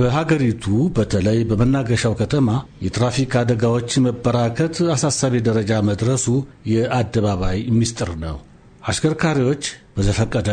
በሀገሪቱ በተለይ በመናገሻው ከተማ የትራፊክ አደጋዎች መበራከት አሳሳቢ ደረጃ መድረሱ የአደባባይ ምስጢር ነው። አሽከርካሪዎች በዘፈቀደ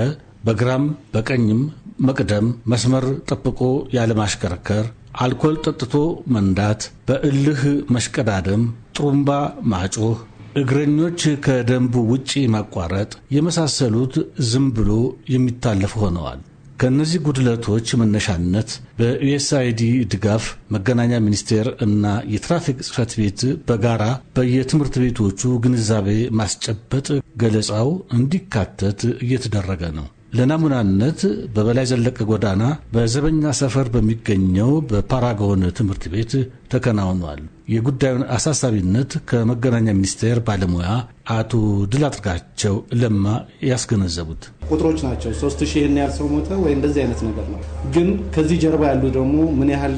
በግራም በቀኝም መቅደም፣ መስመር ጠብቆ ያለማሽከርከር፣ አልኮል ጠጥቶ መንዳት፣ በእልህ መሽቀዳደም፣ ጥሩምባ ማጮህ፣ እግረኞች ከደንቡ ውጪ ማቋረጥ የመሳሰሉት ዝም ብሎ የሚታለፉ ሆነዋል። ከእነዚህ ጉድለቶች መነሻነት በዩኤስአይዲ ድጋፍ መገናኛ ሚኒስቴር እና የትራፊክ ጽሕፈት ቤት በጋራ በየትምህርት ቤቶቹ ግንዛቤ ማስጨበጥ ገለጻው እንዲካተት እየተደረገ ነው። ለናሙናነት በበላይ ዘለቀ ጎዳና በዘበኛ ሰፈር በሚገኘው በፓራጎን ትምህርት ቤት ተከናውኗል። የጉዳዩን አሳሳቢነት ከመገናኛ ሚኒስቴር ባለሙያ አቶ ድል አድርጋቸው ለማ ያስገነዘቡት ቁጥሮች ናቸው። ሶስት ሺህ ይህን ያህል ሰው ሞተ ወይ እንደዚህ አይነት ነገር ነው። ግን ከዚህ ጀርባ ያሉ ደግሞ ምን ያህል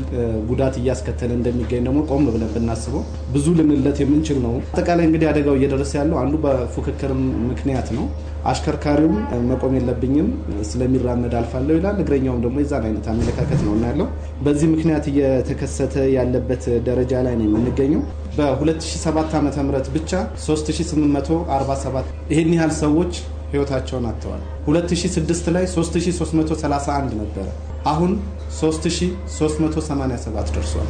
ጉዳት እያስከተለ እንደሚገኝ ደግሞ ቆም ብለን ብናስበው ብዙ ልንለት የምንችል ነው። አጠቃላይ እንግዲህ አደጋው እየደረሰ ያለው አንዱ በፉክክር ምክንያት ነው። አሽከርካሪውም መቆም የለብኝም ስለሚራመድ አልፋለሁ ይላል። እግረኛውም ደግሞ የዛን አይነት አመለካከት ነው እና ያለው በዚህ ምክንያት እየተከሰተ ያለበት ደረጃ ላይ ነው የምንገኘው በ2007 ዓ ም ብቻ 3800 947 ይህን ያህል ሰዎች ህይወታቸውን አጥተዋል። 2006 ላይ 3331 ነበረ። አሁን 3387 ደርሷል።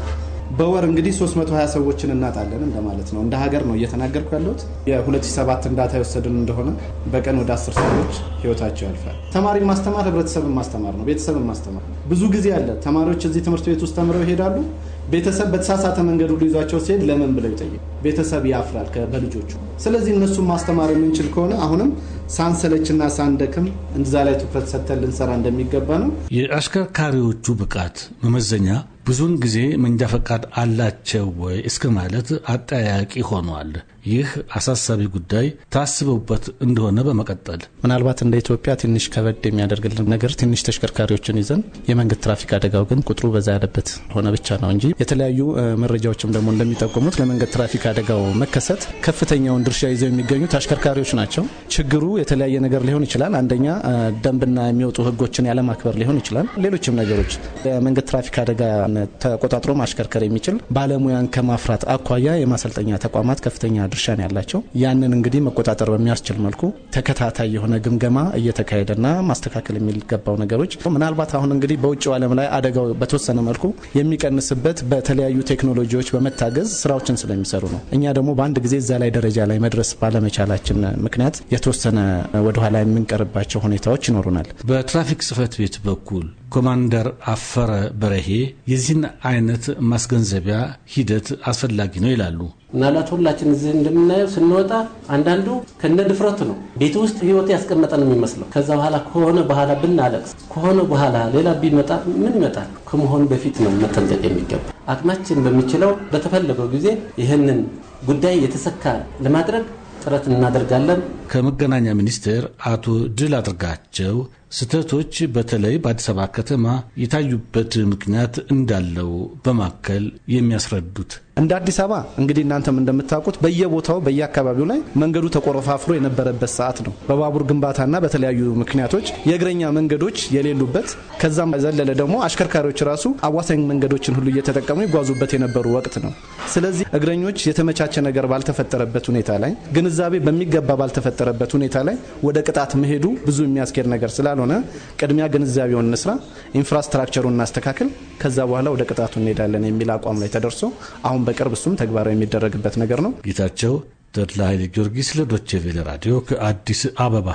በወር እንግዲህ 320 ሰዎችን እናጣለን እንደማለት ነው። እንደ ሀገር ነው እየተናገርኩ ያለሁት። የ2007 እንዳታ የወሰድን እንደሆነ በቀን ወደ 10 ሰዎች ህይወታቸው ያልፋል። ተማሪን ማስተማር ህብረተሰብን ማስተማር ነው፣ ቤተሰብን ማስተማር ብዙ ጊዜ አለ። ተማሪዎች እዚህ ትምህርት ቤት ውስጥ ተምረው ይሄዳሉ። ቤተሰብ በተሳሳተ መንገድ ሁሉ ይዟቸው ሲሄድ ለምን ብለው ይጠይቅ። ቤተሰብ ያፍራል በልጆቹ። ስለዚህ እነሱን ማስተማር የምንችል ከሆነ አሁንም ሳንሰለችና ሳንደክም እንዛ ላይ ትኩረት ሰጥተን ልንሰራ እንደሚገባ ነው። የአሽከርካሪዎቹ ብቃት መመዘኛ ብዙውን ጊዜ መንጃ ፈቃድ አላቸው ወይ እስከ ማለት አጠያቂ ሆኗል። ይህ አሳሳቢ ጉዳይ ታስበውበት እንደሆነ በመቀጠል ምናልባት እንደ ኢትዮጵያ ትንሽ ከበድ የሚያደርግልን ነገር ትንሽ ተሽከርካሪዎችን ይዘን የመንገድ ትራፊክ አደጋው ግን ቁጥሩ በዛ ያለበት ሆነ ብቻ ነው እንጂ የተለያዩ መረጃዎችም ደግሞ እንደሚጠቁሙት ለመንገድ ትራፊክ አደጋው መከሰት ከፍተኛውን ድርሻ ይዘው የሚገኙ አሽከርካሪዎች ናቸው። ችግሩ የተለያየ ነገር ሊሆን ይችላል። አንደኛ ደንብና የሚወጡ ህጎችን ያለማክበር ሊሆን ይችላል። ሌሎችም ነገሮች የመንገድ ትራፊክ አደጋ መኪናን ተቆጣጥሮ ማሽከርከር የሚችል ባለሙያን ከማፍራት አኳያ የማሰልጠኛ ተቋማት ከፍተኛ ድርሻ ነው ያላቸው። ያንን እንግዲህ መቆጣጠር በሚያስችል መልኩ ተከታታይ የሆነ ግምገማ እየተካሄደና ማስተካከል የሚገባው ነገሮች ምናልባት አሁን እንግዲህ በውጭው ዓለም ላይ አደጋው በተወሰነ መልኩ የሚቀንስበት በተለያዩ ቴክኖሎጂዎች በመታገዝ ስራዎችን ስለሚሰሩ ነው። እኛ ደግሞ በአንድ ጊዜ እዛ ላይ ደረጃ ላይ መድረስ ባለመቻላችን ምክንያት የተወሰነ ወደኋላ የምንቀርባቸው ሁኔታዎች ይኖሩናል። በትራፊክ ጽህፈት ቤት በኩል ኮማንደር አፈረ በረሄ የዚህን አይነት ማስገንዘቢያ ሂደት አስፈላጊ ነው ይላሉ። ምናልባት ሁላችን እዚህ እንደምናየው ስንወጣ አንዳንዱ ከነ ድፍረቱ ነው ቤት ውስጥ ህይወት ያስቀመጠ ነው የሚመስለው። ከዛ በኋላ ከሆነ በኋላ ብናለቅስ ከሆነ በኋላ ሌላ ቢመጣ ምን ይመጣል? ከመሆን በፊት ነው መጠንቀቅ የሚገባ። አቅማችን በሚችለው በተፈለገው ጊዜ ይህንን ጉዳይ የተሰካ ለማድረግ ጥረት እናደርጋለን። ከመገናኛ ሚኒስቴር አቶ ድል አድርጋቸው ስህተቶች በተለይ በአዲስ አበባ ከተማ የታዩበት ምክንያት እንዳለው በማከል የሚያስረዱት እንደ አዲስ አበባ እንግዲህ እናንተም እንደምታውቁት በየቦታው በየአካባቢው ላይ መንገዱ ተቆረፋፍሮ የነበረበት ሰዓት ነው። በባቡር ግንባታና በተለያዩ ምክንያቶች የእግረኛ መንገዶች የሌሉበት ከዛም ዘለለ ደግሞ አሽከርካሪዎች ራሱ አዋሳኝ መንገዶችን ሁሉ እየተጠቀሙ ይጓዙበት የነበሩ ወቅት ነው። ስለዚህ እግረኞች የተመቻቸ ነገር ባልተፈጠረበት ሁኔታ ላይ ግንዛቤ በሚገባ ባልተፈጠ በተፈጠረበት ሁኔታ ላይ ወደ ቅጣት መሄዱ ብዙ የሚያስኬድ ነገር ስላልሆነ ቅድሚያ ግንዛቤውን እንስራ፣ ኢንፍራስትራክቸሩን እናስተካክል፣ ከዛ በኋላ ወደ ቅጣቱ እንሄዳለን የሚል አቋም ላይ ተደርሶ አሁን በቅርብ እሱም ተግባራዊ የሚደረግበት ነገር ነው። ጌታቸው ተድላ ኃይለ ጊዮርጊስ ለዶቼ ቬለ ራዲዮ ከአዲስ አበባ